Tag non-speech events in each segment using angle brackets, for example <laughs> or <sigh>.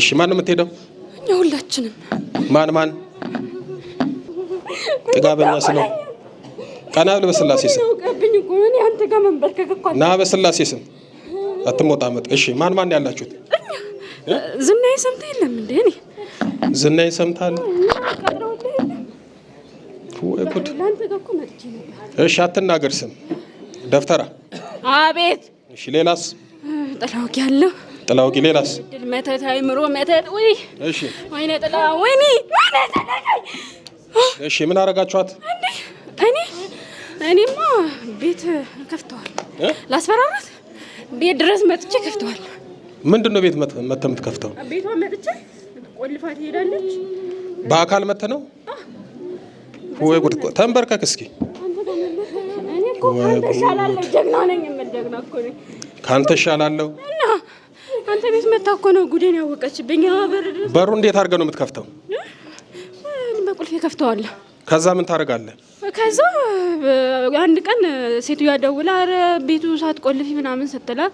እሺ፣ ማን ነው የምትሄደው? እኛ ሁላችንም። ማን ማን? ጥጋበኛ ስለው ቀና ብለህ በስላሴ ስም ና፣ በስላሴ ስም አትሞጣመጥ። እሺ፣ ማን ማን ያላችሁት? ዝናዬ ሰምታ የለም እንዴ? እኔ ዝናዬ ሰምታል። እሺ፣ አትናገር ስም ደብተራ። አቤት። እሺ፣ ሌላስ? ጥላውቅ ያለው ጥላ አውቂ ሌላስ መተት አይምሮ መተት ወይ እሺ ወይኔ ጥላ ወይኔ ወይኔ እሺ ምን አረጋችኋት እኔ እኔማ ቤት ከፍተዋል ላስፈራራት ቤት ድረስ መጥቼ ከፍተዋል ምንድን ነው ቤት መተ የምትከፍተው ቤቷ መጥቼ ቆልፋት ሄዳለች በአካል መተ ነው ወይ ጉድ ተንበርከክ እስኪ እኔ እኮ ካንተ እሻላለሁ ጀግና ነኝ የምል ጀግና እኮ ነኝ ካንተ እሻላለሁ አንተ ቤት መታ እኮ ነው ጉዴን ያወቀችብኝ። በሩ እንዴት አድርገ ነው የምትከፍተው? በቁልፍ ከፍተዋለሁ። ከዛ ምን ታደርጋለህ? ከዛ አንድ ቀን ሴትዮዋ ደውላ አረ ቤቱ ቆልፊ ምናምን ስትላት፣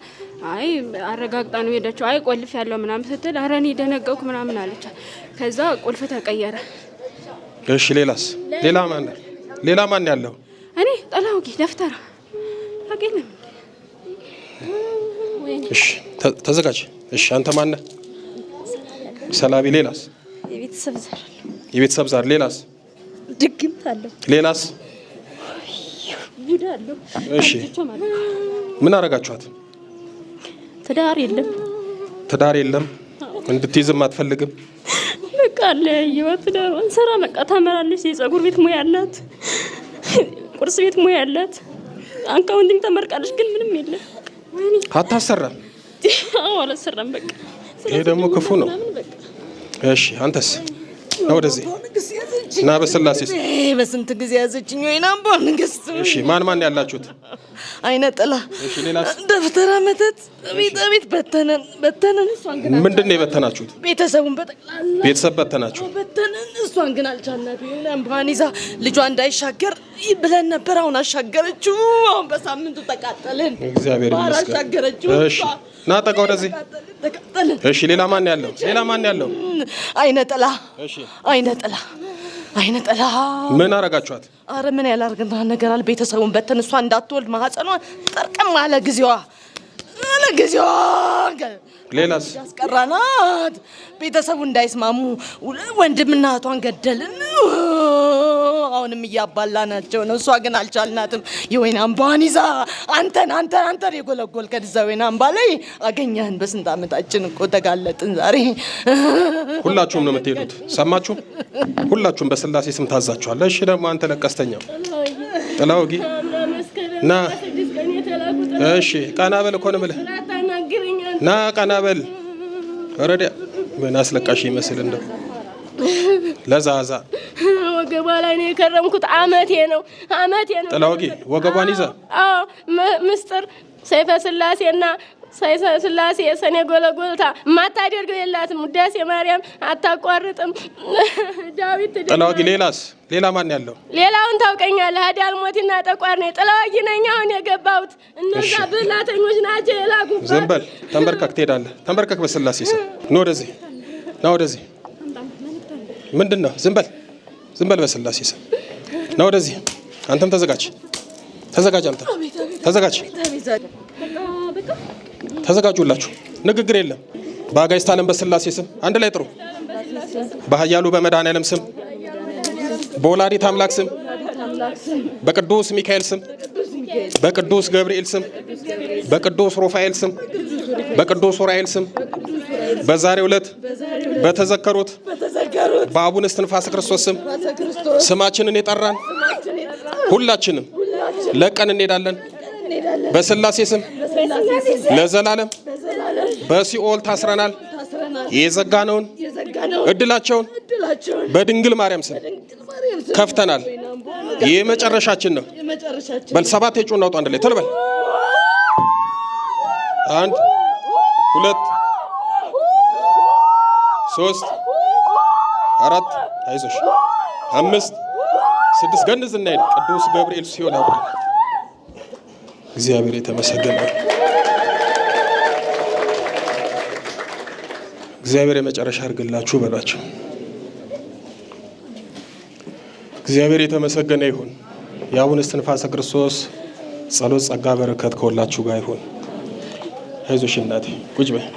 አይ አረጋግጣ ነው ሄደችው። አይ ቆልፍ ያለው ምናምን ስትል፣ አረ እኔ ደነገኩ ምናምን አለቻት። ከዛ ቁልፍ ተቀየረ። እሺ ሌላስ? ሌላ ማን ሌላ ማን ያለው? እኔ ጠላውቂ ደፍተራ አቄለም እሺ ተዘጋጅ። እሺ አንተ ማን ነህ? ሰላቢ። ሌላስ? የቤተሰብ ዘር የቤተሰብ ዘር። ሌላስ? ድግምት አለው። ሌላስ? እሺ ምን አረጋችኋት? ትዳር የለም ትዳር የለም። እንድትይዝም አትፈልግም። በቃ ለየዋ ትዳሯን ስራ በቃ ታመራለች። የጸጉር ቤት ሙያ አላት፣ ቁርስ ቤት ሙያ አላት፣ አካውንቲንግ ተመርቃለች። ግን ምንም የለም አታሰራም። አዎ አላሰራም። በቃ ይሄ ደግሞ ክፉ ነው። እሺ አንተስ ነው ወደዚህ እና በስላሴ በስንት ጊዜ ያዘችኝ ወይ ናምቦ ንግስት። እሺ ማን ማን ያላችሁት? አይነ ጥላ፣ ደብተራ፣ መተት ቤት ቤት በተነን በተነን። ምንድን ነው የበተናችሁት? ቤተሰቡን በጠቅላላ ቤተሰብ በተናችሁ። በተነን እሷን ግን አልቻልናት። እምባዋን ይዛ ልጇ እንዳይሻገር ብለን ነበር። አሁን አሻገረችው። አሁን በሳምንቱ ተቃጠልን። እግዚአብሔር አሻገረችው። ና ጠቃ ወደዚህ። እሺ፣ ሌላ ማን ያለው? ሌላ ማን ያለው? አይነ ጥላ፣ አይነ ጥላ፣ አይነ ጥላ። ምን አረጋችኋት? አረ ምን ያላርግና ነገር አለ። ቤተሰቡን በተን እሷ እንዳትወልድ ማህፀኗ ጥርቅም አለ ጊዜዋ ጊዜዋን ሌላስ ያስቀራናት ቤተሰቡ እንዳይስማሙ ወንድምና እህቷን ገደልን። አሁንም እያባላናቸው ነው። እሷ ግን አልቻልናትም። የወይን አምባዋን ይዛ አንተን አንተን አንተን የጎለጎል ከዛ ወይን አምባ ላይ አገኘህን። በስንት ዓመታችን እኮ ተጋለጥን። ዛሬ ሁላችሁም ነው የምትሄዱት። ሰማችሁ? ሁላችሁም በስላሴ ስም ታዛችኋል። እሺ ደግሞ አንተ ለቀስተኛው ጥላውጊ ና እሺ ቀና በል እኮ ነው የምልህ። ና ቀና በል ረዲ ምን አስለቃሽ ይመስል እንደው ለዛዛ ወገቧ ላይ ነው የከረምኩት። አመቴ ነው አመቴ ነው ጥላውቂ ወገቧን ይዛ አዎ ምስጢር ሰይፈ ስላሴና ስላሴ የሰኔ ጎለጎልታ የማታደርገው የላትም። ውዳሴ ማርያም አታቋርጥም። <laughs> ዳዊት ጥላዋጊ። ሌላስ ሌላ ማን ያለው? ሌላውን ታውቀኛለህ። አዳል አልሞቲና ጠቋር ነኝ። ጥላዋጊ ነኝ። አሁን የገባሁት እነዛ ብላተኞች ናቸው የላኩባት። ዘንበል ተንበርከክ ትሄዳለህ። ተንበርከክ በስላሴ ስም ና ወደዚህ፣ ና ወደዚህ። ምንድን ነው? ዝንበል ዝንበል፣ በስላሴ ስም ና ወደዚህ። አንተም ተዘጋጅ፣ ተዘጋጅ፣ አንተ ተዘጋጅ። ተዘጋጁላችሁ። ንግግር የለም። በአጋዕዝተ ዓለም በስላሴ ስም አንድ ላይ ጥሩ። በኃያሉ በመድኃኔዓለም ስም፣ በወላዲተ አምላክ ስም፣ በቅዱስ ሚካኤል ስም፣ በቅዱስ ገብርኤል ስም፣ በቅዱስ ሩፋኤል ስም፣ በቅዱስ ኡራኤል ስም በዛሬው ዕለት በተዘከሩት በአቡነ እስትንፋሰ ክርስቶስ ስም ስማችንን የጠራን ሁላችንም ለቀን እንሄዳለን። በስላሴ ስም ለዘላለም በሲኦል ታስረናል። የዘጋነውን እድላቸውን በድንግል ማርያም ስም ከፍተናል። የመጨረሻችን ነው። በል ሰባት የጩ እናውጡ አንድ ላይ ተልበል አንድ ሁለት ሶስት አራት አይዞሽ አምስት ስድስት ገንዝ እናሄድ ቅዱስ ገብርኤል ሲሆን ያውቃል። እግዚአብሔር የተመሰገነ እግዚአብሔር የመጨረሻ አድርግላችሁ በላቸው። እግዚአብሔር የተመሰገነ ይሁን። የአቡነ እስትንፋሰ ክርስቶስ ጸሎት፣ ጸጋ፣ በረከት ከሁላችሁ ጋር ይሁን። አይዞሽ እናቴ ቁጭ በይ።